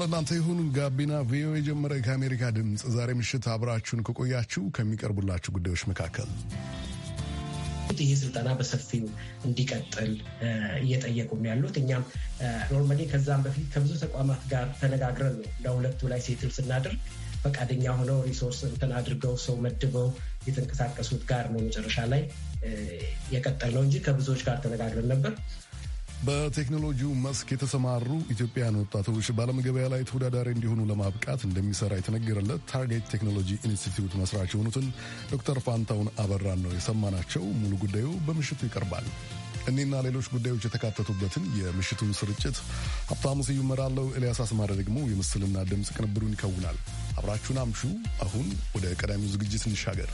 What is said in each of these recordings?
ለእናንተ ይሁን። ጋቢና ቪኦኤ የጀመረ ከአሜሪካ ድምፅ ዛሬ ምሽት አብራችሁን ከቆያችሁ ከሚቀርቡላችሁ ጉዳዮች መካከል ይህ ስልጠና በሰፊው እንዲቀጥል እየጠየቁ ያሉት እኛም ኖርማሊ ከዛም በፊት ከብዙ ተቋማት ጋር ተነጋግረን ነው ለሁለቱ ላይ ሴትል ስናደርግ ፈቃደኛ ሆነው ሪሶርስ እንትን አድርገው ሰው መድበው የተንቀሳቀሱት ጋር ነው መጨረሻ ላይ የቀጠል ነው እንጂ ከብዙዎች ጋር ተነጋግረን ነበር። በቴክኖሎጂው መስክ የተሰማሩ ኢትዮጵያውያን ወጣቶች በዓለም ገበያ ላይ ተወዳዳሪ እንዲሆኑ ለማብቃት እንደሚሰራ የተነገረለት ታርጌት ቴክኖሎጂ ኢንስቲትዩት መስራች የሆኑትን ዶክተር ፋንታውን አበራን ነው የሰማናቸው። ሙሉ ጉዳዩ በምሽቱ ይቀርባል። እኔና ሌሎች ጉዳዮች የተካተቱበትን የምሽቱን ስርጭት ሀብታሙ ስዩም እመራለሁ። ኤልያስ አስማረ ደግሞ የምስልና ድምፅ ቅንብሩን ይከውናል። አብራችሁን አምሹ። አሁን ወደ ቀዳሚው ዝግጅት እንሻገር።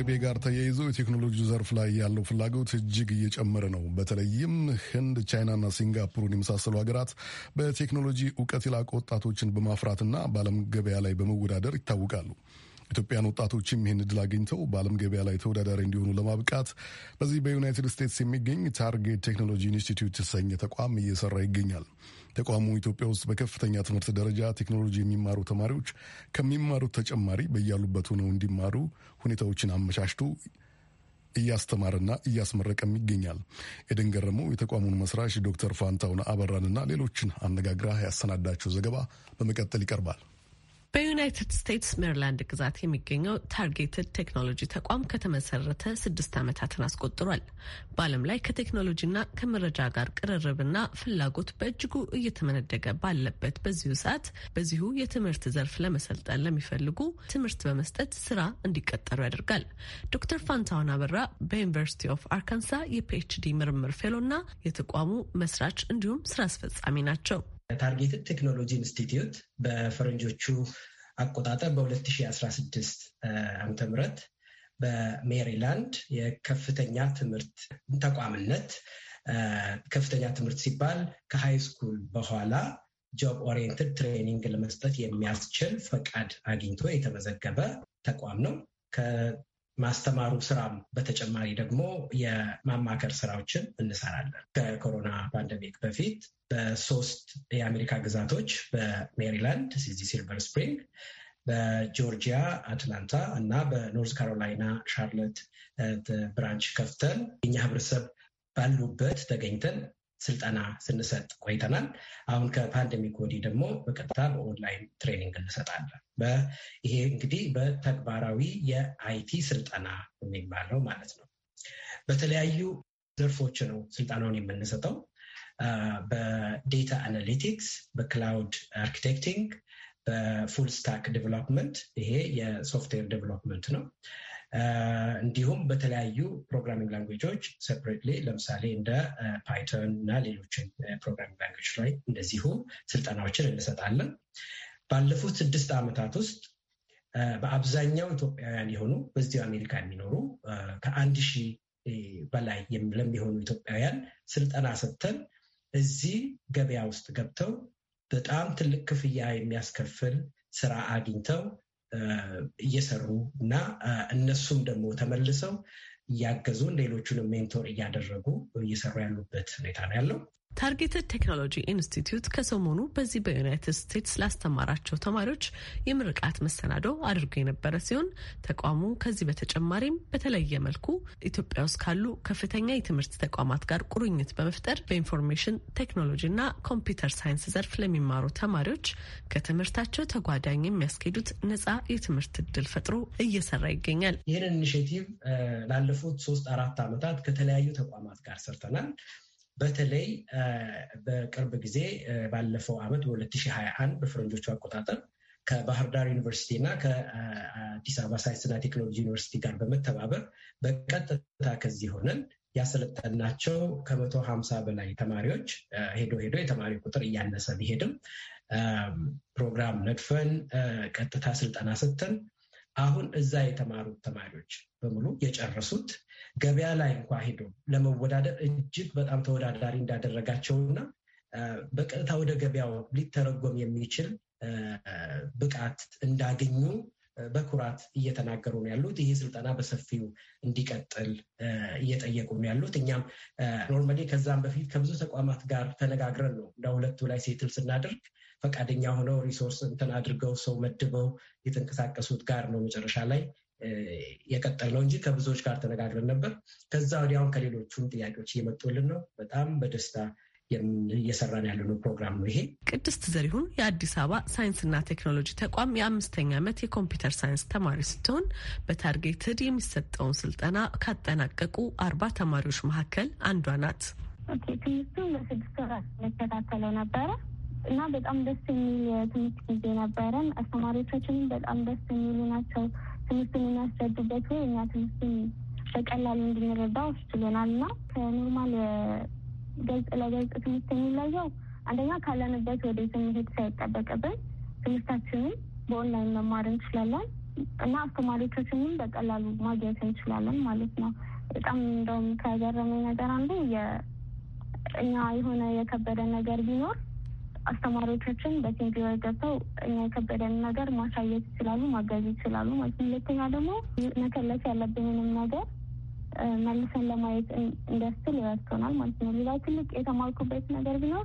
ዘይቤ ጋር ተያይዞ የቴክኖሎጂ ዘርፍ ላይ ያለው ፍላጎት እጅግ እየጨመረ ነው። በተለይም ህንድ፣ ቻይናና ሲንጋፑርን የመሳሰሉ ሀገራት በቴክኖሎጂ እውቀት የላቁ ወጣቶችን በማፍራትና በዓለም ገበያ ላይ በመወዳደር ይታወቃሉ። ኢትዮጵያን ወጣቶችም ይህን እድል አግኝተው በዓለም ገበያ ላይ ተወዳዳሪ እንዲሆኑ ለማብቃት በዚህ በዩናይትድ ስቴትስ የሚገኝ ታርጌት ቴክኖሎጂ ኢንስቲትዩት የተሰኘ ተቋም እየሰራ ይገኛል። ተቋሙ ኢትዮጵያ ውስጥ በከፍተኛ ትምህርት ደረጃ ቴክኖሎጂ የሚማሩ ተማሪዎች ከሚማሩት ተጨማሪ በያሉበት ሆነው እንዲማሩ ሁኔታዎችን አመቻችቶ እያስተማረና እያስመረቀም ይገኛል። ኤደን ገረመው የተቋሙን መስራች ዶክተር ፋንታውን አበራንና ሌሎችን አነጋግራ ያሰናዳቸው ዘገባ በመቀጠል ይቀርባል። በዩናይትድ ስቴትስ ሜሪላንድ ግዛት የሚገኘው ታርጌትድ ቴክኖሎጂ ተቋም ከተመሰረተ ስድስት ዓመታትን አስቆጥሯል። በዓለም ላይ ከቴክኖሎጂና ከመረጃ ጋር ቅርርብና ፍላጎት በእጅጉ እየተመነደገ ባለበት በዚሁ ሰዓት በዚሁ የትምህርት ዘርፍ ለመሰልጠን ለሚፈልጉ ትምህርት በመስጠት ስራ እንዲቀጠሩ ያደርጋል። ዶክተር ፋንታሁን አበራ በዩኒቨርሲቲ ኦፍ አርካንሳ የፒኤችዲ ምርምር ፌሎና የተቋሙ መስራች እንዲሁም ስራ አስፈጻሚ ናቸው። ታርጌትድ ቴክኖሎጂ ኢንስቲትዩት በፈረንጆቹ አቆጣጠር በ2016 ዓ ምህረት በሜሪላንድ የከፍተኛ ትምህርት ተቋምነት ከፍተኛ ትምህርት ሲባል ከሃይ ስኩል በኋላ ጆብ ኦሪየንትድ ትሬኒንግ ለመስጠት የሚያስችል ፈቃድ አግኝቶ የተመዘገበ ተቋም ነው። ማስተማሩ ስራም በተጨማሪ ደግሞ የማማከር ስራዎችን እንሰራለን። ከኮሮና ፓንደሚክ በፊት በሶስት የአሜሪካ ግዛቶች በሜሪላንድ ሲዚ ሲልቨር ስፕሪንግ፣ በጆርጂያ አትላንታ እና በኖርዝ ካሮላይና ሻርለት ብራንች ከፍተን የኛ ህብረተሰብ ባሉበት ተገኝተን ስልጠና ስንሰጥ ቆይተናል። አሁን ከፓንደሚክ ወዲህ ደግሞ በቀጥታ በኦንላይን ትሬኒንግ እንሰጣለን። ይሄ እንግዲህ በተግባራዊ የአይቲ ስልጠና የሚባለው ማለት ነው። በተለያዩ ዘርፎች ነው ስልጠናውን የምንሰጠው። በዴታ አናሊቲክስ፣ በክላውድ አርኪቴክቲንግ፣ በፉል ስታክ ዴቨሎፕመንት ይሄ የሶፍትዌር ዴቨሎፕመንት ነው። እንዲሁም በተለያዩ ፕሮግራሚንግ ላንጉጆች ሴፐሬትሊ ለምሳሌ እንደ ፓይተን እና ሌሎችን ፕሮግራሚንግ ላንጉጆች ላይ እንደዚሁ ስልጠናዎችን እንሰጣለን። ባለፉት ስድስት ዓመታት ውስጥ በአብዛኛው ኢትዮጵያውያን የሆኑ በዚሁ አሜሪካ የሚኖሩ ከአንድ ሺህ በላይ ለሚሆኑ ኢትዮጵያውያን ስልጠና ሰጥተን እዚህ ገበያ ውስጥ ገብተው በጣም ትልቅ ክፍያ የሚያስከፍል ስራ አግኝተው እየሰሩ እና እነሱም ደግሞ ተመልሰው እያገዙን ሌሎቹንም ሜንቶር እያደረጉ እየሰሩ ያሉበት ሁኔታ ነው ያለው። ታርጌትድ ቴክኖሎጂ ኢንስቲትዩት ከሰሞኑ በዚህ በዩናይትድ ስቴትስ ላስተማራቸው ተማሪዎች የምርቃት መሰናዶ አድርጎ የነበረ ሲሆን ተቋሙ ከዚህ በተጨማሪም በተለየ መልኩ ኢትዮጵያ ውስጥ ካሉ ከፍተኛ የትምህርት ተቋማት ጋር ቁርኝት በመፍጠር በኢንፎርሜሽን ቴክኖሎጂና ኮምፒውተር ሳይንስ ዘርፍ ለሚማሩ ተማሪዎች ከትምህርታቸው ተጓዳኝ የሚያስኬዱት ነጻ የትምህርት እድል ፈጥሮ እየሰራ ይገኛል። ይህን ኢኒሽቲቭ ላለፉት ሶስት አራት ዓመታት ከተለያዩ ተቋማት ጋር ሰርተናል። በተለይ በቅርብ ጊዜ ባለፈው ዓመት በ2021 በፈረንጆቹ አቆጣጠር ከባህር ዳር ዩኒቨርሲቲ እና ከአዲስ አበባ ሳይንስና ቴክኖሎጂ ዩኒቨርሲቲ ጋር በመተባበር በቀጥታ ከዚህ ሆነን ያሰለጠናቸው ከመቶ ሀምሳ በላይ ተማሪዎች ሄዶ ሄዶ የተማሪ ቁጥር እያነሰ ቢሄድም ፕሮግራም ነድፈን ቀጥታ ስልጠና ሰጥተን አሁን እዛ የተማሩት ተማሪዎች በሙሉ የጨረሱት ገበያ ላይ እንኳ ሄዶ ለመወዳደር እጅግ በጣም ተወዳዳሪ እንዳደረጋቸው እና በቀጥታ ወደ ገበያው ሊተረጎም የሚችል ብቃት እንዳገኙ በኩራት እየተናገሩ ነው ያሉት። ይህ ስልጠና በሰፊው እንዲቀጥል እየጠየቁ ነው ያሉት። እኛም ኖርማሊ ከዛም በፊት ከብዙ ተቋማት ጋር ተነጋግረን ነው ሁለቱ ላይ ሴትል ስናደርግ ፈቃደኛ ሆነው ሪሶርስ እንትን አድርገው ሰው መድበው የተንቀሳቀሱት ጋር ነው መጨረሻ ላይ የቀጠል ነው እንጂ ከብዙዎች ጋር ተነጋግረን ነበር። ከዛ ወዲያውን ከሌሎቹም ጥያቄዎች እየመጡልን ነው። በጣም በደስታ እየሰራን ያለነው ፕሮግራም ነው ይሄ። ቅድስት ዘሪሁን የአዲስ አበባ ሳይንስና ቴክኖሎጂ ተቋም የአምስተኛ ዓመት የኮምፒውተር ሳይንስ ተማሪ ስትሆን በታርጌትድ የሚሰጠውን ስልጠና ካጠናቀቁ አርባ ተማሪዎች መካከል አንዷ ናት። ትምህርቱን ለስድስት ወራት መከታተለው ነበረ እና በጣም ደስ የሚል የትምህርት ጊዜ ነበረን። አስተማሪዎቻችንም በጣም ደስ የሚሉ ናቸው። ትምህርቱን የሚያስረዱበት ወይ እኛ ትምህርቱን በቀላሉ እንድንረዳ አስችሎናል እና ከኖርማል ገጽ ለገጽ ትምህርት የሚለየው አንደኛ ካለንበት ወደ ትምህርት ሳይጠበቅብን ትምህርታችንን በኦንላይን መማር እንችላለን እና አስተማሪዎቻችንም በቀላሉ ማግኘት እንችላለን ማለት ነው። በጣም እንደውም ከገረመኝ ነገር አንዱ እኛ የሆነ የከበደ ነገር ቢኖር አስተማሪዎቻችን በሴንት ላይ ገብተው እኛ የከበደን ነገር ማሳየት ይችላሉ፣ ማገዝ ይችላሉ ማለት ሁለተኛ ደግሞ መከለስ ያለብንንም ነገር መልሰን ለማየት እንደስል ይረድቶናል ማለት ነው። ሌላው ትልቅ የተማርኩበት ነገር ቢኖር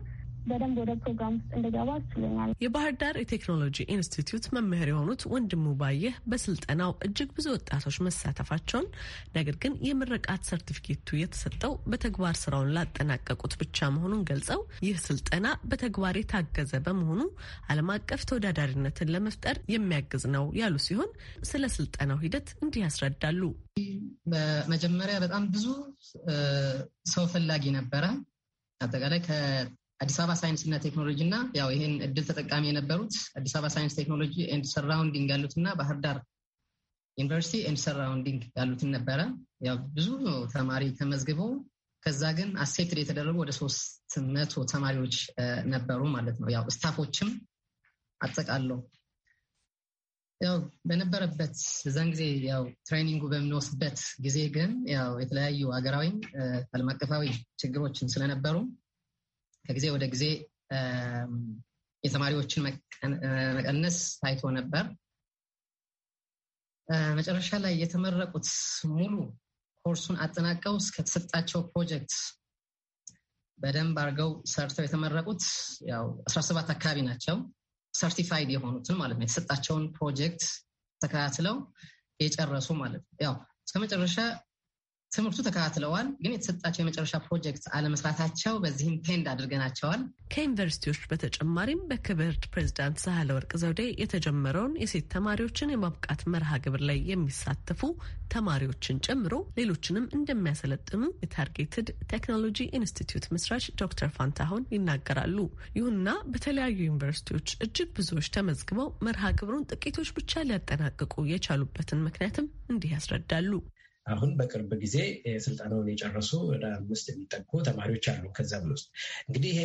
በደንብ ወደ ፕሮግራም ውስጥ እንደገባ አስችሎኛል። የባህር ዳር የቴክኖሎጂ ኢንስቲትዩት መምህር የሆኑት ወንድሙ ባየህ በስልጠናው እጅግ ብዙ ወጣቶች መሳተፋቸውን፣ ነገር ግን የምረቃት ሰርቲፊኬቱ የተሰጠው በተግባር ስራውን ላጠናቀቁት ብቻ መሆኑን ገልጸው ይህ ስልጠና በተግባር የታገዘ በመሆኑ ዓለም አቀፍ ተወዳዳሪነትን ለመፍጠር የሚያግዝ ነው ያሉ ሲሆን ስለ ስልጠናው ሂደት እንዲህ ያስረዳሉ። በመጀመሪያ በጣም ብዙ ሰው ፈላጊ ነበረ። አጠቃላይ አዲስ አበባ ሳይንስ እና ቴክኖሎጂ እና ያው ይህን እድል ተጠቃሚ የነበሩት አዲስ አበባ ሳይንስ ቴክኖሎጂ ኤንድ ሰራውንዲንግ ያሉት እና ባህር ዳር ዩኒቨርሲቲ ኤንድ ሰራውንዲንግ ያሉትን ነበረ። ያው ብዙ ተማሪ ተመዝግቦ ከዛ ግን አሴፕትድ የተደረጉ ወደ ሶስት መቶ ተማሪዎች ነበሩ ማለት ነው። ያው ስታፎችም አጠቃለው ያው በነበረበት እዛን ጊዜ ያው ትሬኒንጉ በምንወስበት ጊዜ ግን ያው የተለያዩ ሀገራዊም ዓለም አቀፋዊ ችግሮችን ስለነበሩ ከጊዜ ወደ ጊዜ የተማሪዎችን መቀነስ ታይቶ ነበር። መጨረሻ ላይ የተመረቁት ሙሉ ኮርሱን አጠናቀው እስከተሰጣቸው ፕሮጀክት በደንብ አድርገው ሰርተው የተመረቁት ያው ሰባት አካባቢ ናቸው። ሰርቲፋይድ የሆኑትን ማለት ነው። የተሰጣቸውን ፕሮጀክት ተከታትለው የጨረሱ ማለት ነው። ያው እስከ መጨረሻ ትምህርቱ ተከታትለዋል። ግን የተሰጣቸው የመጨረሻ ፕሮጀክት አለመስራታቸው በዚህም ፔንድ አድርገናቸዋል። ከዩኒቨርሲቲዎች በተጨማሪም በክብርት ፕሬዚዳንት ሳህለ ወርቅ ዘውዴ የተጀመረውን የሴት ተማሪዎችን የማብቃት መርሃ ግብር ላይ የሚሳተፉ ተማሪዎችን ጨምሮ ሌሎችንም እንደሚያሰለጥኑ የታርጌትድ ቴክኖሎጂ ኢንስቲትዩት መስራች ዶክተር ፋንታሁን ይናገራሉ። ይሁንና በተለያዩ ዩኒቨርሲቲዎች እጅግ ብዙዎች ተመዝግበው መርሃ ግብሩን ጥቂቶች ብቻ ሊያጠናቅቁ የቻሉበትን ምክንያትም እንዲህ ያስረዳሉ። አሁን በቅርብ ጊዜ ስልጠናውን የጨረሱ ወደ አምስት የሚጠጉ ተማሪዎች አሉ። ከዚያም ውስጥ እንግዲህ ይሄ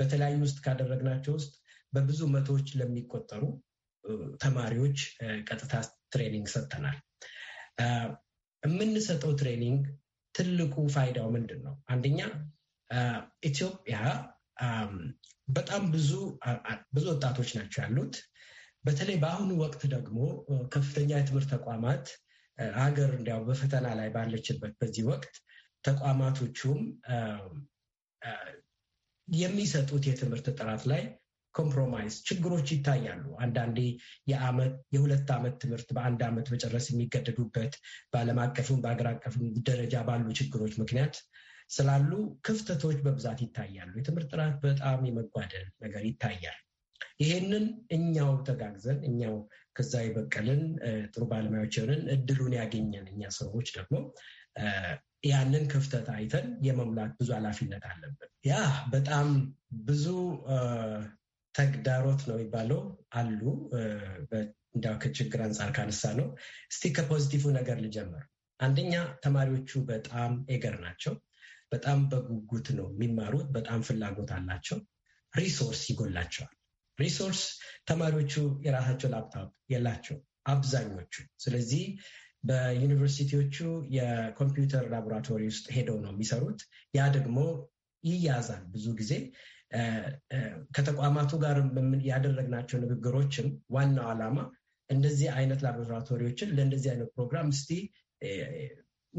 በተለያዩ ውስጥ ካደረግናቸው ውስጥ በብዙ መቶዎች ለሚቆጠሩ ተማሪዎች ቀጥታ ትሬኒንግ ሰጥተናል። የምንሰጠው ትሬኒንግ ትልቁ ፋይዳው ምንድን ነው? አንደኛ ኢትዮጵያ በጣም ብዙ ብዙ ወጣቶች ናቸው ያሉት። በተለይ በአሁኑ ወቅት ደግሞ ከፍተኛ የትምህርት ተቋማት ሀገር እንዲያው በፈተና ላይ ባለችበት በዚህ ወቅት ተቋማቶቹም የሚሰጡት የትምህርት ጥራት ላይ ኮምፕሮማይዝ ችግሮች ይታያሉ። አንዳንዴ የአመት የሁለት አመት ትምህርት በአንድ አመት መጨረስ የሚገደዱበት በዓለም አቀፍም በሀገር አቀፍም ደረጃ ባሉ ችግሮች ምክንያት ስላሉ ክፍተቶች በብዛት ይታያሉ። የትምህርት ጥራት በጣም የመጓደል ነገር ይታያል። ይሄንን እኛው ተጋግዘን እኛው ከዛ የበቀልን ጥሩ ባለሙያዎች የሆንን እድሉን ያገኘን እኛ ሰዎች ደግሞ ያንን ክፍተት አይተን የመሙላት ብዙ ኃላፊነት አለብን። ያ በጣም ብዙ ተግዳሮት ነው የሚባለው አሉ። እንዲያው ከችግር አንጻር ካነሳ ነው። እስቲ ከፖዚቲቭ ነገር ልጀምር። አንደኛ ተማሪዎቹ በጣም ኤገር ናቸው። በጣም በጉጉት ነው የሚማሩት። በጣም ፍላጎት አላቸው። ሪሶርስ ይጎላቸዋል። ሪሶርስ ተማሪዎቹ የራሳቸው ላፕታፕ የላቸው አብዛኞቹ። ስለዚህ በዩኒቨርሲቲዎቹ የኮምፒውተር ላቦራቶሪ ውስጥ ሄደው ነው የሚሰሩት። ያ ደግሞ ይያዛል ብዙ ጊዜ ከተቋማቱ ጋር ያደረግናቸው ንግግሮችም ዋናው ዓላማ እንደዚህ አይነት ላቦራቶሪዎችን ለእንደዚህ አይነት ፕሮግራም እስቲ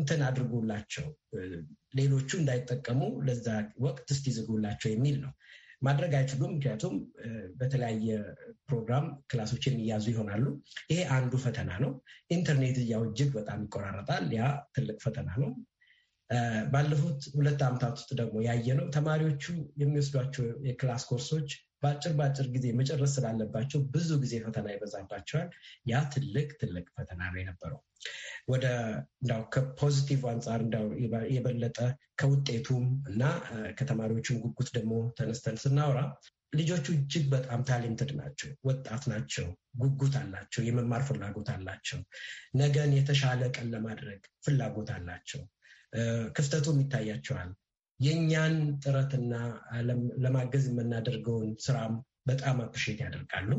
እንትን አድርጉላቸው፣ ሌሎቹ እንዳይጠቀሙ ለዛ ወቅት እስቲ ዝጉላቸው የሚል ነው። ማድረግ አይችሉም። ምክንያቱም በተለያየ ፕሮግራም ክላሶች እያዙ ይሆናሉ። ይሄ አንዱ ፈተና ነው። ኢንተርኔት እያው እጅግ በጣም ይቆራረጣል። ያ ትልቅ ፈተና ነው። ባለፉት ሁለት ዓመታት ውስጥ ደግሞ ያየነው ተማሪዎቹ የሚወስዷቸው የክላስ ኮርሶች በአጭር በአጭር ጊዜ መጨረስ ስላለባቸው ብዙ ጊዜ ፈተና ይበዛባቸዋል። ያ ትልቅ ትልቅ ፈተና ነው የነበረው። ወደ እንዳው ከፖዚቲቭ አንጻር እንዳው የበለጠ ከውጤቱም እና ከተማሪዎቹም ጉጉት ደግሞ ተነስተን ስናወራ ልጆቹ እጅግ በጣም ታሌንትድ ናቸው። ወጣት ናቸው። ጉጉት አላቸው። የመማር ፍላጎት አላቸው። ነገን የተሻለ ቀን ለማድረግ ፍላጎት አላቸው። ክፍተቱም ይታያቸዋል። የእኛን ጥረትና ለማገዝ የምናደርገውን ስራም በጣም አፕሪሼት ያደርጋሉ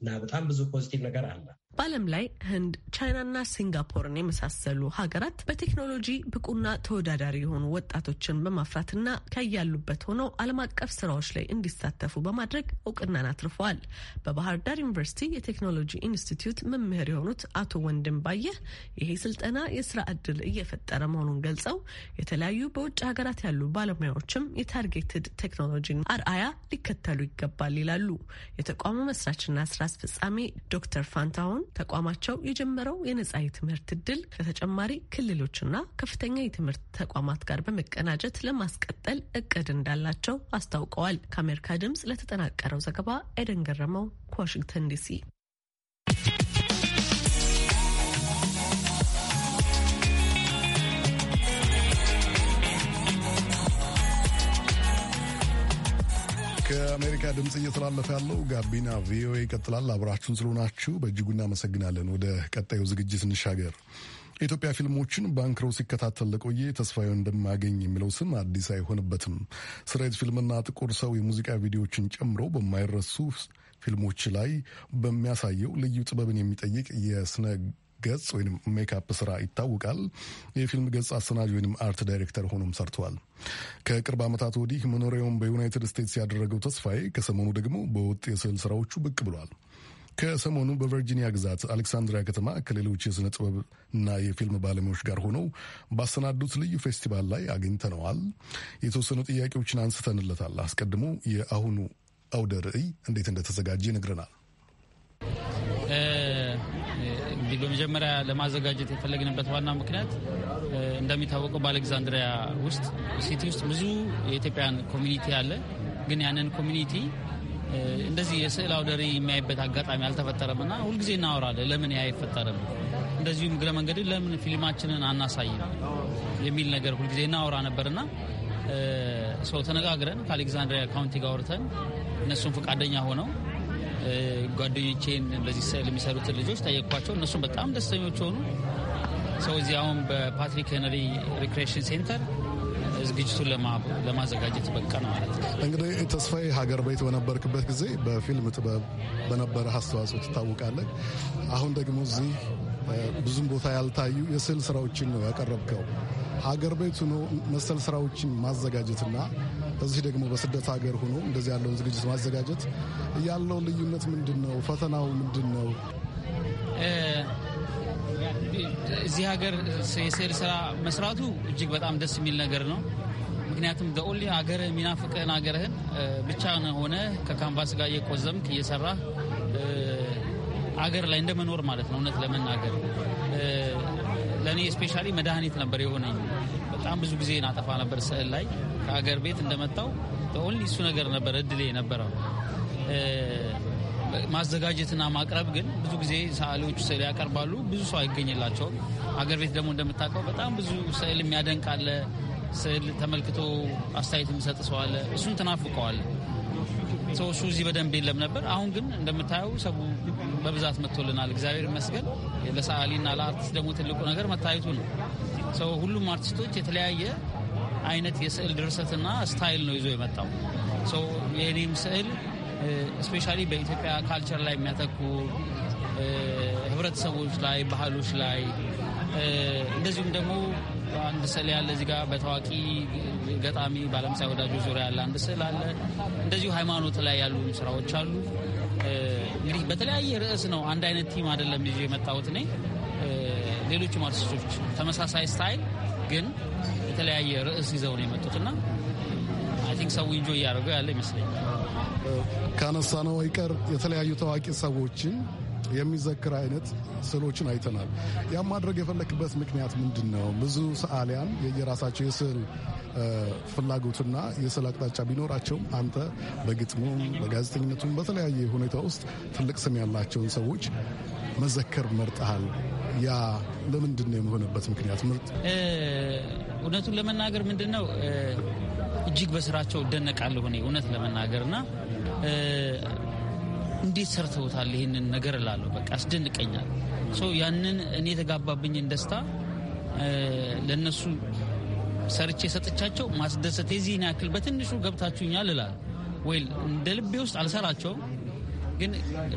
እና በጣም ብዙ ፖዚቲቭ ነገር አለ። በዓለም ላይ ህንድ፣ ቻይናና ሲንጋፖርን የመሳሰሉ ሀገራት በቴክኖሎጂ ብቁና ተወዳዳሪ የሆኑ ወጣቶችን በማፍራትና ከያሉበት ሆነው ዓለም አቀፍ ስራዎች ላይ እንዲሳተፉ በማድረግ እውቅናን አትርፈዋል። በባህር ዳር ዩኒቨርሲቲ የቴክኖሎጂ ኢንስቲትዩት መምህር የሆኑት አቶ ወንድም ባየህ ይሄ ስልጠና የስራ እድል እየፈጠረ መሆኑን ገልጸው የተለያዩ በውጭ ሀገራት ያሉ ባለሙያዎችም የታርጌትድ ቴክኖሎጂን አርአያ ሊከተሉ ይገባል ይገባል ይላሉ የተቋሙ መስራችና ስራ አስፈጻሚ ዶክተር ፋንታሁን። ተቋማቸው የጀመረው የነጻ የትምህርት እድል ከተጨማሪ ክልሎችና ከፍተኛ የትምህርት ተቋማት ጋር በመቀናጀት ለማስቀጠል እቅድ እንዳላቸው አስታውቀዋል። ከአሜሪካ ድምጽ ለተጠናቀረው ዘገባ ኤደን ገረመው ከዋሽንግተን ዲሲ ከአሜሪካ ድምፅ እየተላለፈ ያለው ጋቢና ቪኦኤ ይቀጥላል። አብራችሁን ስለሆናችሁ በእጅጉ እናመሰግናለን። ወደ ቀጣዩ ዝግጅት እንሻገር። የኢትዮጵያ ፊልሞችን በአንክረው ሲከታተል ለቆየ ተስፋዬ እንደማያገኝ የሚለው ስም አዲስ አይሆንበትም። ስሬት ፊልምና ጥቁር ሰው የሙዚቃ ቪዲዮዎችን ጨምሮ በማይረሱ ፊልሞች ላይ በሚያሳየው ልዩ ጥበብን የሚጠይቅ የስነ ገጽ ወይም ሜካፕ ስራ ይታወቃል። የፊልም ገጽ አሰናጅ ወይም አርት ዳይሬክተር ሆኖም ሰርተዋል። ከቅርብ ዓመታት ወዲህ መኖሪያውን በዩናይትድ ስቴትስ ያደረገው ተስፋዬ ከሰሞኑ ደግሞ በወጥ የስዕል ስራዎቹ ብቅ ብሏል። ከሰሞኑ በቨርጂኒያ ግዛት አሌክሳንድሪያ ከተማ ከሌሎች የሥነ ጥበብ እና የፊልም ባለሙያዎች ጋር ሆነው ባሰናዱት ልዩ ፌስቲቫል ላይ አግኝተነዋል። የተወሰኑ ጥያቄዎችን አንስተንለታል። አስቀድሞ የአሁኑ አውደ ርዕይ እንዴት እንደተዘጋጀ ይነግረናል። እንግዲህ በመጀመሪያ ለማዘጋጀት የፈለግንበት ዋና ምክንያት እንደሚታወቀው በአሌክዛንድሪያ ውስጥ ሲቲ ውስጥ ብዙ የኢትዮጵያን ኮሚኒቲ አለ። ግን ያንን ኮሚኒቲ እንደዚህ የስዕል አውደሪ የሚያይበት አጋጣሚ አልተፈጠረም እና ሁልጊዜ እናወራለን ለምን ያ አይፈጠርም፣ እንደዚሁም እግረ መንገድ ለምን ፊልማችንን አናሳይም የሚል ነገር ሁልጊዜ እናወራ ነበርና ሰው ተነጋግረን ከአሌክዛንድሪያ ካውንቲ ጋር አውርተን እነሱም ፈቃደኛ ሆነው ጓደኞቼን በዚህ ስዕል የሚሰሩትን ልጆች ጠየቅኳቸው። እነሱም በጣም ደስተኞች ሆኑ። ሰው እዚህ አሁን በፓትሪክ ሄነሪ ሪክሬሽን ሴንተር ዝግጅቱን ለማዘጋጀት በቃ ነው ማለት ነው። እንግዲህ ተስፋዬ፣ ሀገር ቤት በነበርክበት ጊዜ በፊልም ጥበብ በነበረ አስተዋጽኦ ትታወቃለህ። አሁን ደግሞ እዚህ ብዙም ቦታ ያልታዩ የስዕል ስራዎችን ነው ያቀረብከው። ሀገር ቤት ሆኖ መሰል ስራዎችን ማዘጋጀትና እዚህ ደግሞ በስደት ሀገር ሆኖ እንደዚህ ያለውን ዝግጅት ማዘጋጀት ያለው ልዩነት ምንድን ነው? ፈተናው ምንድን ነው? እዚህ ሀገር የስዕል ስራ መስራቱ እጅግ በጣም ደስ የሚል ነገር ነው። ምክንያቱም ደኦሊ ሀገር የሚናፍቅህን ሀገርህን ብቻ ሆነ ከካንቫስ ጋር እየቆዘምክ እየሰራ አገር ላይ እንደመኖር ማለት ነው። እውነት ለመናገር ለእኔ ስፔሻሊ መድኃኒት ነበር የሆነኝ። በጣም ብዙ ጊዜ ናጠፋ ነበር ስዕል ላይ ከሀገር ቤት እንደመጣው ኦንሊ እሱ ነገር ነበር እድሌ ነበረው። ማዘጋጀትና ማቅረብ ግን ብዙ ጊዜ ሰዓሊዎቹ ስዕል ያቀርባሉ፣ ብዙ ሰው አይገኝላቸውም። ሀገር ቤት ደግሞ እንደምታውቀው በጣም ብዙ ስዕል የሚያደንቃለ ስዕል ተመልክቶ አስተያየት የሚሰጥ ሰው አለ። እሱን ትናፍቀዋል። ሰው እሱ እዚህ በደንብ የለም ነበር። አሁን ግን እንደምታየው ሰው በብዛት መጥቶልናል። እግዚአብሔር ይመስገን። ለሰዓሊና ለአርቲስት ደግሞ ትልቁ ነገር መታየቱ ነው። ሰው ሁሉም አርቲስቶች የተለያየ አይነት የስዕል ድርሰትና ስታይል ነው ይዞ የመጣው ሰው የእኔም ስዕል እስፔሻሊ በኢትዮጵያ ካልቸር ላይ የሚያተኩር ህብረተሰቦች ላይ፣ ባህሎች ላይ እንደዚሁም ደግሞ አንድ ስዕል ያለ እዚህ ጋር በታዋቂ ገጣሚ ባለምሳይ ወዳጆ ዙሪያ ያለ አንድ ስዕል አለ። እንደዚሁ ሃይማኖት ላይ ያሉ ስራዎች አሉ። እንግዲህ በተለያየ ርዕስ ነው። አንድ አይነት ቲም አይደለም ይዤ የመጣሁት እኔ ሌሎችም አርቲስቶች ተመሳሳይ ስታይል ግን የተለያየ ርዕስ ይዘው ነው የመጡትና አይ ቲንክ ሰው እንጆ እያደረገው ያለ ይመስለኛል። ከአነሳ ነው አይቀር የተለያዩ ታዋቂ ሰዎችን የሚዘክር አይነት ስዕሎችን አይተናል። ያም ማድረግ የፈለክበት ምክንያት ምንድን ነው? ብዙ ሰዓሊያን የየራሳቸው የስዕል ፍላጎትና የስዕል አቅጣጫ ቢኖራቸውም አንተ በግጥሙም በጋዜጠኝነቱም በተለያየ ሁኔታ ውስጥ ትልቅ ስም ያላቸውን ሰዎች መዘከር መርጠሃል። ያ ለምንድን ነው የሆነበት ምክንያት? ምርጥ እውነቱን ለመናገር ምንድን ነው እጅግ በስራቸው እደነቃለሁ እኔ እውነት ለመናገር እና እንዴት ሰርተውታል ይህንን ነገር እላለሁ። በቃ አስደንቀኛል። ያንን እኔ የተጋባብኝን ደስታ ለእነሱ ሰርቼ ሰጥቻቸው ማስደሰት የዚህን ያክል በትንሹ ገብታችሁኛል እላል ወይ እንደ ልቤ ውስጥ አልሰራቸውም፣ ግን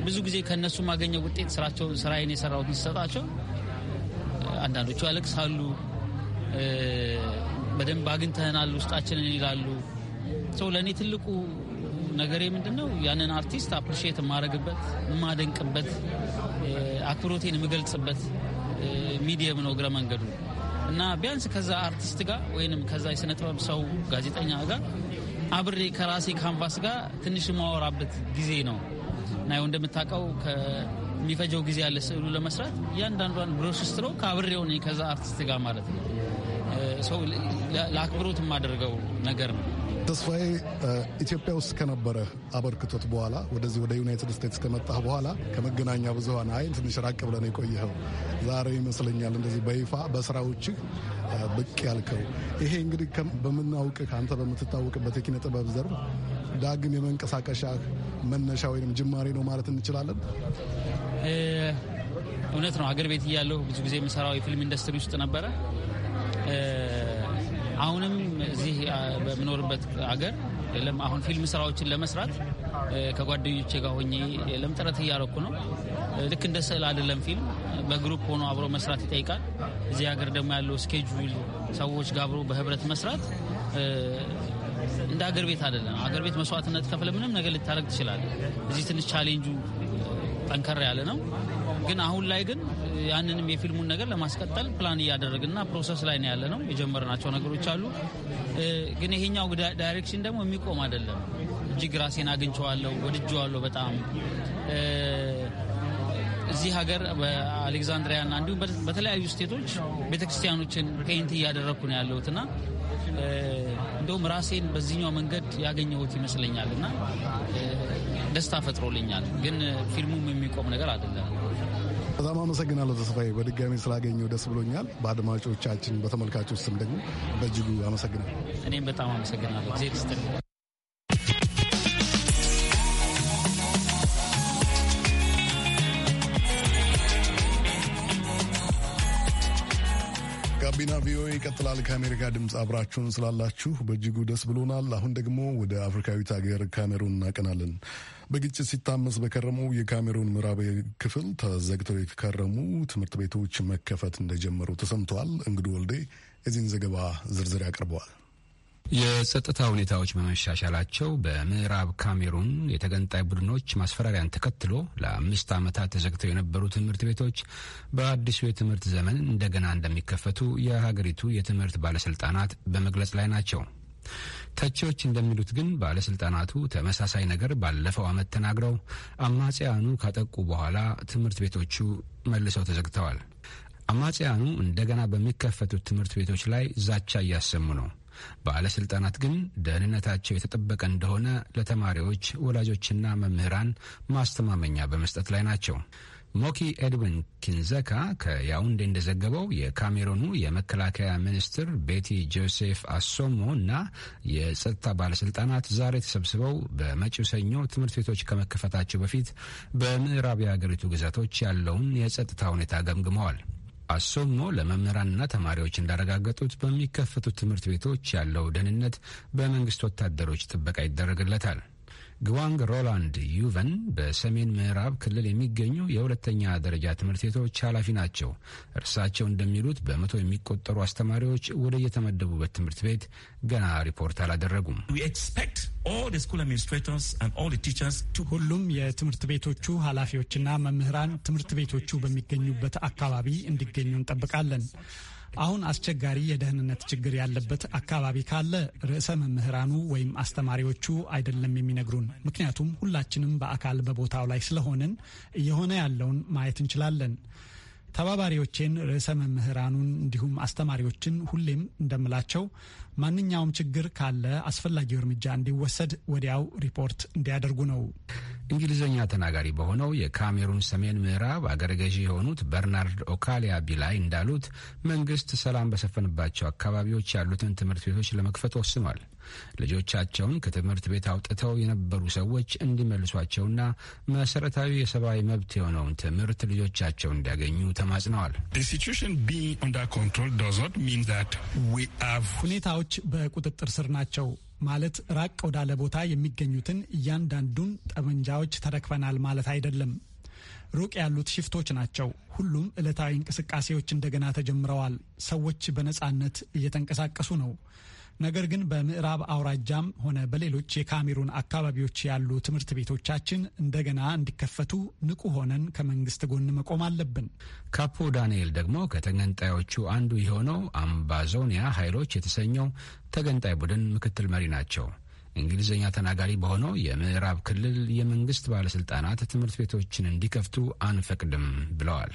ብዙ ጊዜ ከእነሱ ማገኘው ውጤት ስራቸውን ስራዬን የሰራሁትን ስሰጣቸው አንዳንዶቹ ያለቅሳሉ። በደንብ አግኝተህናል ውስጣችንን ይላሉ። ሰው ለእኔ ትልቁ ነገሬ ምንድን ነው ያንን አርቲስት አፕሪሺየት የማደርግበት የማደንቅበት፣ አክብሮቴን የምገልጽበት ሚዲየም ነው እግረ መንገዱ እና ቢያንስ ከዛ አርቲስት ጋር ወይም ከዛ የስነ ጥበብ ሰው ጋዜጠኛ ጋር አብሬ ከራሴ ካንቫስ ጋር ትንሽ የማወራበት ጊዜ ነው እና እንደምታውቀው የሚፈጀው ጊዜ ያለ ስዕሉ ለመስራት እያንዳንዷን ብሮሽ ስትሮክ አብሬው ነኝ ከዛ አርቲስት ጋር ማለት ነው። ሰው ለአክብሮት የማደርገው ነገር ነው። ተስፋዬ ኢትዮጵያ ውስጥ ከነበረ አበርክቶት በኋላ ወደዚህ ወደ ዩናይትድ ስቴትስ ከመጣህ በኋላ ከመገናኛ ብዙሀን አይን ትንሽ ራቅ ብለን የቆየኸው ዛሬ ይመስለኛል እንደዚህ በይፋ በስራዎችህ ብቅ ያልከው። ይሄ እንግዲህ በምናውቅ አንተ በምትታወቅበት የኪነ ጥበብ ዘርፍ ዳግም የመንቀሳቀሻ መነሻ ወይም ጅማሬ ነው ማለት እንችላለን። እውነት ነው። ሀገር ቤት እያለሁ ብዙ ጊዜ የምሰራው የፊልም ኢንዱስትሪ ውስጥ ነበረ። አሁንም እዚህ በምኖርበት ሀገር የለም አሁን ፊልም ስራዎችን ለመስራት ከጓደኞቼ ጋር ሆኜ የለም ጥረት እያረኩ ነው። ልክ እንደ ስዕል አይደለም ፊልም በግሩፕ ሆኖ አብሮ መስራት ይጠይቃል። እዚህ ሀገር ደግሞ ያለው ስኬጁል ሰዎች ጋር አብሮ በህብረት መስራት እንደ አገር ቤት አይደለም። አገር ቤት መስዋዕትነት ከፍለ ምንም ነገር ልታደረግ ትችላለ። እዚህ ትንሽ ቻሌንጁ ጠንከር ያለ ነው። ግን አሁን ላይ ግን ያንንም የፊልሙን ነገር ለማስቀጠል ፕላን እያደረግና ፕሮሰስ ላይ ነው ያለ ነው። የጀመርናቸው ነገሮች አሉ። ግን ይሄኛው ዳይሬክሽን ደግሞ የሚቆም አይደለም። እጅግ ራሴን አግኝቼዋለሁ፣ ወድጄዋለሁ በጣም እዚህ ሀገር በአሌክዛንድሪያና እንዲሁም በተለያዩ ስቴቶች ቤተክርስቲያኖችን ፔንት እያደረግኩ ነው ያለሁትና እንደውም ራሴን በዚህኛው መንገድ ያገኘሁት ይመስለኛልና ደስታ ፈጥሮልኛል። ግን ፊልሙም የሚቆም ነገር አይደለም። በጣም አመሰግናለሁ ተስፋዬ፣ በድጋሚ ስላገኘው ደስ ብሎኛል። በአድማጮቻችን በተመልካቾች ስም ደግሞ በእጅጉ አመሰግናለሁ። እኔም በጣም አመሰግናለሁ። ጊዜ ጋቢና ቪኦኤ ይቀጥላል። ከአሜሪካ ድምፅ አብራችሁን ስላላችሁ በእጅጉ ደስ ብሎናል። አሁን ደግሞ ወደ አፍሪካዊት ሀገር ካሜሩን እናቀናለን። በግጭት ሲታመስ በከረመው የካሜሩን ምዕራባዊ ክፍል ተዘግተው የከረሙ ትምህርት ቤቶች መከፈት እንደጀመሩ ተሰምተዋል። እንግዱ ወልዴ የዚህን ዘገባ ዝርዝር ያቀርበዋል። የጸጥታ ሁኔታዎች በመሻሻላቸው በምዕራብ ካሜሩን የተገንጣይ ቡድኖች ማስፈራሪያን ተከትሎ ለአምስት ዓመታት ተዘግተው የነበሩ ትምህርት ቤቶች በአዲሱ የትምህርት ዘመን እንደገና እንደሚከፈቱ የሀገሪቱ የትምህርት ባለስልጣናት በመግለጽ ላይ ናቸው። ተቺዎች እንደሚሉት ግን ባለስልጣናቱ ተመሳሳይ ነገር ባለፈው ዓመት ተናግረው አማጽያኑ ካጠቁ በኋላ ትምህርት ቤቶቹ መልሰው ተዘግተዋል። አማጽያኑ እንደገና በሚከፈቱት ትምህርት ቤቶች ላይ ዛቻ እያሰሙ ነው። ባለስልጣናት ግን ደህንነታቸው የተጠበቀ እንደሆነ ለተማሪዎች ወላጆችና መምህራን ማስተማመኛ በመስጠት ላይ ናቸው። ሞኪ ኤድዊን ኪንዘካ ከያውንዴ እንደዘገበው የካሜሮኑ የመከላከያ ሚኒስትር ቤቲ ጆሴፍ አሶሞ እና የጸጥታ ባለስልጣናት ዛሬ ተሰብስበው በመጪው ሰኞ ትምህርት ቤቶች ከመከፈታቸው በፊት በምዕራብ የሀገሪቱ ግዛቶች ያለውን የጸጥታ ሁኔታ ገምግመዋል። አሶሞ ለመምህራንና ተማሪዎች እንዳረጋገጡት በሚከፈቱት ትምህርት ቤቶች ያለው ደህንነት በመንግስት ወታደሮች ጥበቃ ይደረግለታል። ግዋንግ ሮላንድ ዩቨን በሰሜን ምዕራብ ክልል የሚገኙ የሁለተኛ ደረጃ ትምህርት ቤቶች ኃላፊ ናቸው። እርሳቸው እንደሚሉት በመቶ የሚቆጠሩ አስተማሪዎች ወደ የተመደቡበት ትምህርት ቤት ገና ሪፖርት አላደረጉም። ሁሉም የትምህርት ቤቶቹ ኃላፊዎችና መምህራን ትምህርት ቤቶቹ በሚገኙበት አካባቢ እንዲገኙ እንጠብቃለን። አሁን አስቸጋሪ የደህንነት ችግር ያለበት አካባቢ ካለ ርዕሰ መምህራኑ ወይም አስተማሪዎቹ አይደለም የሚነግሩን። ምክንያቱም ሁላችንም በአካል በቦታው ላይ ስለሆንን እየሆነ ያለውን ማየት እንችላለን። ተባባሪዎቼን ርዕሰ መምህራኑን እንዲሁም አስተማሪዎችን ሁሌም እንደምላቸው ማንኛውም ችግር ካለ አስፈላጊው እርምጃ እንዲወሰድ ወዲያው ሪፖርት እንዲያደርጉ ነው። እንግሊዝኛ ተናጋሪ በሆነው የካሜሩን ሰሜን ምዕራብ አገረ ገዢ የሆኑት በርናርድ ኦካሊያ ቢላይ እንዳሉት መንግስት ሰላም በሰፈንባቸው አካባቢዎች ያሉትን ትምህርት ቤቶች ለመክፈት ወስኗል። ልጆቻቸውን ከትምህርት ቤት አውጥተው የነበሩ ሰዎች እንዲመልሷቸውና መሰረታዊ የሰብአዊ መብት የሆነውን ትምህርት ልጆቻቸው እንዲያገኙ ተማጽነዋል። ሁኔታዎች ቦታዎች በቁጥጥር ስር ናቸው ማለት ራቅ ወዳለ ቦታ የሚገኙትን እያንዳንዱን ጠመንጃዎች ተረክበናል ማለት አይደለም። ሩቅ ያሉት ሽፍቶች ናቸው። ሁሉም ዕለታዊ እንቅስቃሴዎች እንደገና ተጀምረዋል። ሰዎች በነጻነት እየተንቀሳቀሱ ነው። ነገር ግን በምዕራብ አውራጃም ሆነ በሌሎች የካሜሩን አካባቢዎች ያሉ ትምህርት ቤቶቻችን እንደገና እንዲከፈቱ ንቁ ሆነን ከመንግስት ጎን መቆም አለብን። ካፖ ዳንኤል ደግሞ ከተገንጣዮቹ አንዱ የሆነው አምባዞኒያ ኃይሎች የተሰኘው ተገንጣይ ቡድን ምክትል መሪ ናቸው። እንግሊዝኛ ተናጋሪ በሆነው የምዕራብ ክልል የመንግስት ባለስልጣናት ትምህርት ቤቶችን እንዲከፍቱ አንፈቅድም ብለዋል።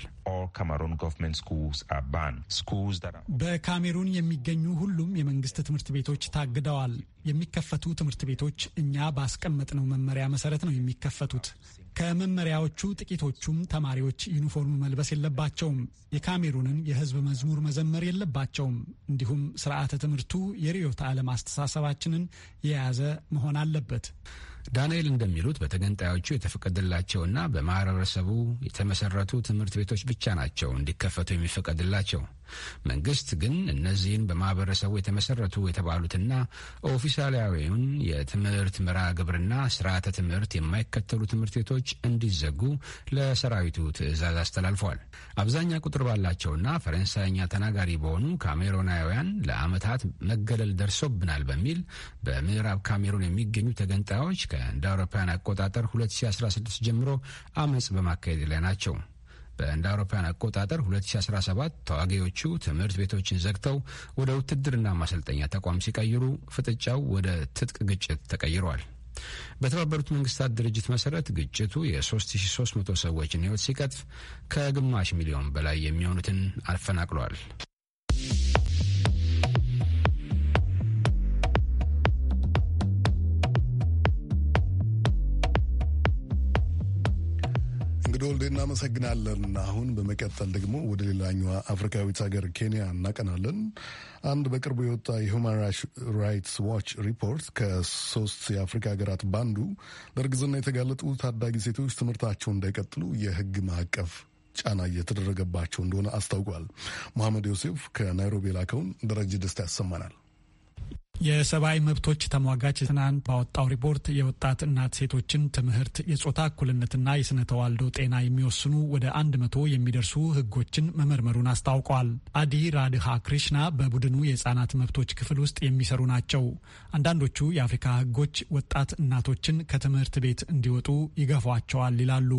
በካሜሩን የሚገኙ ሁሉም የመንግስት ትምህርት ቤቶች ታግደዋል። የሚከፈቱ ትምህርት ቤቶች እኛ ባስቀመጥነው መመሪያ መሰረት ነው የሚከፈቱት። ከመመሪያዎቹ ጥቂቶቹም ተማሪዎች ዩኒፎርም መልበስ የለባቸውም፣ የካሜሩንን የህዝብ መዝሙር መዘመር የለባቸውም። እንዲሁም ስርዓተ ትምህርቱ የርዕዮተ ዓለም አስተሳሰባችንን የያዘ መሆን አለበት። ዳንኤል እንደሚሉት በተገንጣዮቹ የተፈቀደላቸውና በማህበረሰቡ የተመሰረቱ ትምህርት ቤቶች ብቻ ናቸው እንዲከፈቱ የሚፈቀድላቸው። መንግስት ግን እነዚህን በማህበረሰቡ የተመሰረቱ የተባሉትና ኦፊሳላዊውን የትምህርት ምራ ግብርና ስርዓተ ትምህርት የማይከተሉ ትምህርት ቤቶች እንዲዘጉ ለሰራዊቱ ትዕዛዝ አስተላልፏል። አብዛኛ ቁጥር ባላቸውና ፈረንሳይኛ ተናጋሪ በሆኑ ካሜሮናውያን ለአመታት መገለል ደርሶብናል በሚል በምዕራብ ካሜሩን የሚገኙ ተገንጣዮች ከእንደ አውሮፓውያን አቆጣጠር 2016 ጀምሮ አመፅ በማካሄድ ላይ ናቸው። በእንደ አውሮፓውያን አቆጣጠር 2017 ተዋጊዎቹ ትምህርት ቤቶችን ዘግተው ወደ ውትድርና ማሰልጠኛ ተቋም ሲቀይሩ ፍጥጫው ወደ ትጥቅ ግጭት ተቀይሯል። በተባበሩት መንግስታት ድርጅት መሰረት ግጭቱ የ3300 ሰዎችን ህይወት ሲቀጥፍ ከግማሽ ሚሊዮን በላይ የሚሆኑትን አፈናቅሏል። ገብሬ እናመሰግናለን። አሁን በመቀጠል ደግሞ ወደ ሌላኛዋ አፍሪካዊት ሀገር ኬንያ እናቀናለን። አንድ በቅርቡ የወጣ የሁማን ራይትስ ዋች ሪፖርት ከሶስት የአፍሪካ ሀገራት ባንዱ ለእርግዝና የተጋለጡ ታዳጊ ሴቶች ትምህርታቸውን እንዳይቀጥሉ የህግ ማዕቀፍ ጫና እየተደረገባቸው እንደሆነ አስታውቋል። መሐመድ ዮሴፍ ከናይሮቢ ላከውን ደረጀ ደስታ ያሰማናል። የሰብአዊ መብቶች ተሟጋች ትናንት ባወጣው ሪፖርት የወጣት እናት ሴቶችን ትምህርት፣ የጾታ እኩልነትና የስነ ተዋልዶ ጤና የሚወስኑ ወደ አንድ መቶ የሚደርሱ ህጎችን መመርመሩን አስታውቋል። አዲ ራድሃ ክሪሽና በቡድኑ የህጻናት መብቶች ክፍል ውስጥ የሚሰሩ ናቸው። አንዳንዶቹ የአፍሪካ ህጎች ወጣት እናቶችን ከትምህርት ቤት እንዲወጡ ይገፏቸዋል ይላሉ።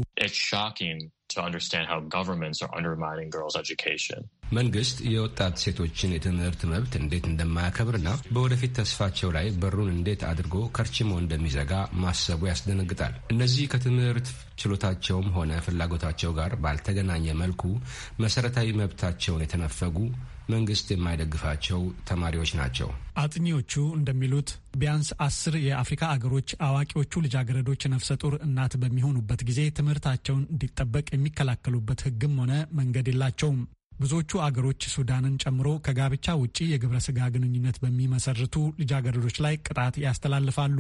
መንግስት የወጣት ሴቶችን የትምህርት መብት እንዴት እንደማያከብርና በወደፊት ተስፋቸው ላይ በሩን እንዴት አድርጎ ከርችሞ እንደሚዘጋ ማሰቡ ያስደነግጣል። እነዚህ ከትምህርት ችሎታቸውም ሆነ ፍላጎታቸው ጋር ባልተገናኘ መልኩ መሰረታዊ መብታቸውን የተነፈጉ መንግስት የማይደግፋቸው ተማሪዎች ናቸው። አጥኚዎቹ እንደሚሉት ቢያንስ አስር የአፍሪካ አገሮች አዋቂዎቹ ልጃገረዶች ነፍሰ ጡር እናት በሚሆኑበት ጊዜ ትምህርታቸውን እንዲጠበቅ የሚከላከሉበት ህግም ሆነ መንገድ የላቸውም። ብዙዎቹ አገሮች ሱዳንን ጨምሮ ከጋብቻ ውጪ የግብረ ስጋ ግንኙነት በሚመሰርቱ ልጃገረዶች ላይ ቅጣት ያስተላልፋሉ።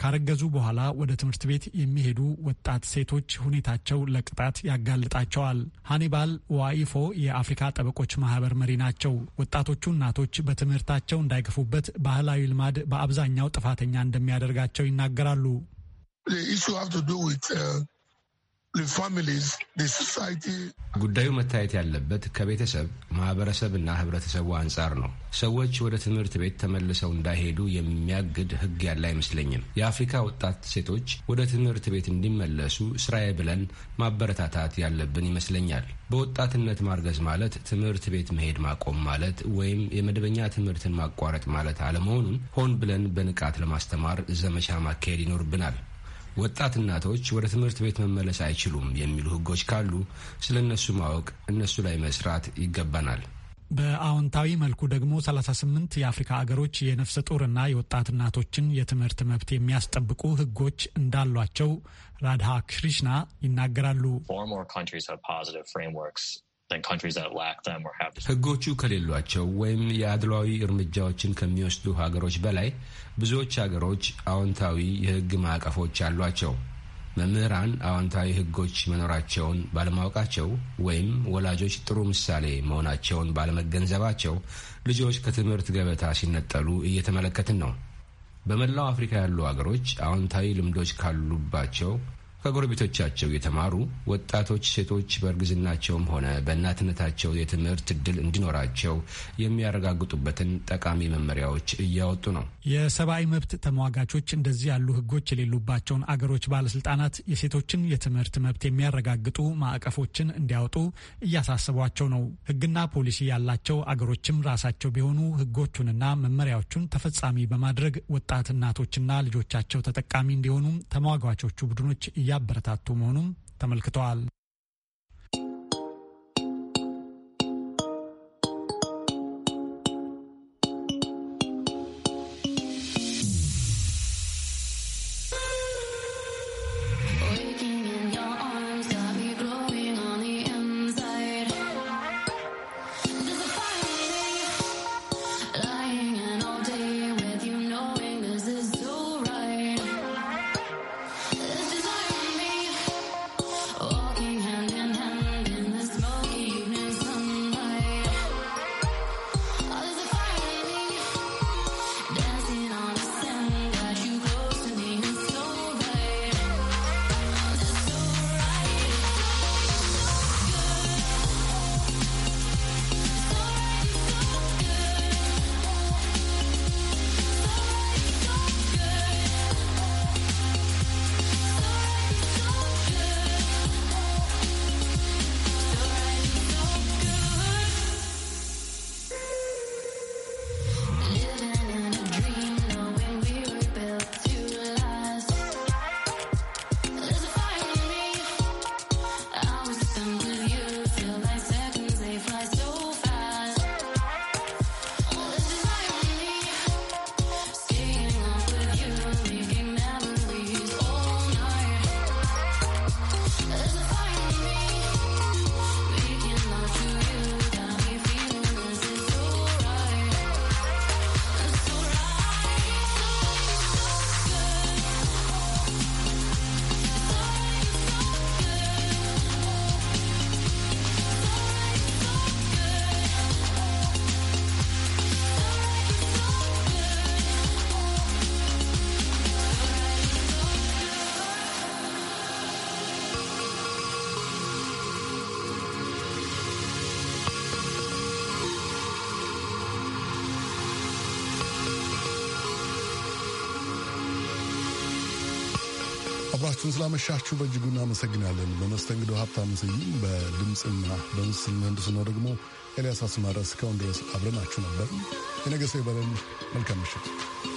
ካረገዙ በኋላ ወደ ትምህርት ቤት የሚሄዱ ወጣት ሴቶች ሁኔታቸው ለቅጣት ያጋልጣቸዋል። ሃኒባል ዋኢፎ የአፍሪካ ጠበቆች ማህበር መሪ ናቸው። ወጣቶቹ እናቶች በትምህርታቸው እንዳይገፉበት ባህላዊ ልማድ በአብዛኛው ጥፋተኛ እንደሚያደርጋቸው ይናገራሉ። ጉዳዩ መታየት ያለበት ከቤተሰብ ማህበረሰብና ህብረተሰቡ አንጻር ነው። ሰዎች ወደ ትምህርት ቤት ተመልሰው እንዳይሄዱ የሚያግድ ህግ ያለ አይመስለኝም። የአፍሪካ ወጣት ሴቶች ወደ ትምህርት ቤት እንዲመለሱ ስራዬ ብለን ማበረታታት ያለብን ይመስለኛል። በወጣትነት ማርገዝ ማለት ትምህርት ቤት መሄድ ማቆም ማለት ወይም የመደበኛ ትምህርትን ማቋረጥ ማለት አለመሆኑን ሆን ብለን በንቃት ለማስተማር ዘመቻ ማካሄድ ይኖርብናል። ወጣት እናቶች ወደ ትምህርት ቤት መመለስ አይችሉም የሚሉ ህጎች ካሉ ስለ እነሱ ማወቅ፣ እነሱ ላይ መስራት ይገባናል። በአዎንታዊ መልኩ ደግሞ 38 የአፍሪካ አገሮች የነፍሰ ጡርና የወጣት እናቶችን የትምህርት መብት የሚያስጠብቁ ህጎች እንዳሏቸው ራድሃ ክሪሽና ይናገራሉ። ህጎቹ ከሌሏቸው ወይም የአድሏዊ እርምጃዎችን ከሚወስዱ ሀገሮች በላይ ብዙዎች ሀገሮች አዎንታዊ የህግ ማዕቀፎች አሏቸው። መምህራን አዎንታዊ ህጎች መኖራቸውን ባለማወቃቸው ወይም ወላጆች ጥሩ ምሳሌ መሆናቸውን ባለመገንዘባቸው ልጆች ከትምህርት ገበታ ሲነጠሉ እየተመለከትን ነው። በመላው አፍሪካ ያሉ ሀገሮች አዎንታዊ ልምዶች ካሉባቸው ከጎረቤቶቻቸው የተማሩ ወጣቶች ሴቶች በእርግዝናቸውም ሆነ በእናትነታቸው የትምህርት እድል እንዲኖራቸው የሚያረጋግጡበትን ጠቃሚ መመሪያዎች እያወጡ ነው። የሰብአዊ መብት ተሟጋቾች እንደዚህ ያሉ ሕጎች የሌሉባቸውን አገሮች ባለስልጣናት የሴቶችን የትምህርት መብት የሚያረጋግጡ ማዕቀፎችን እንዲያወጡ እያሳሰቧቸው ነው። ሕግና ፖሊሲ ያላቸው አገሮችም ራሳቸው ቢሆኑ ሕጎቹንና መመሪያዎቹን ተፈጻሚ በማድረግ ወጣት እናቶችና ልጆቻቸው ተጠቃሚ እንዲሆኑም ተሟጋቾቹ ቡድኖች እያበረታቱ መሆኑም ተመልክተዋል። አብራችሁን ስላመሻችሁ በእጅጉ እናመሰግናለን። በመስተንግዶ ሀብታም ስይም፣ በድምፅና በምስል ምህንድስና ደግሞ ኤልያስ አስማረ። እስካሁን ድረስ አብረናችሁ ነበር። የነገ ሰው ይበለን። መልካም ምሽት።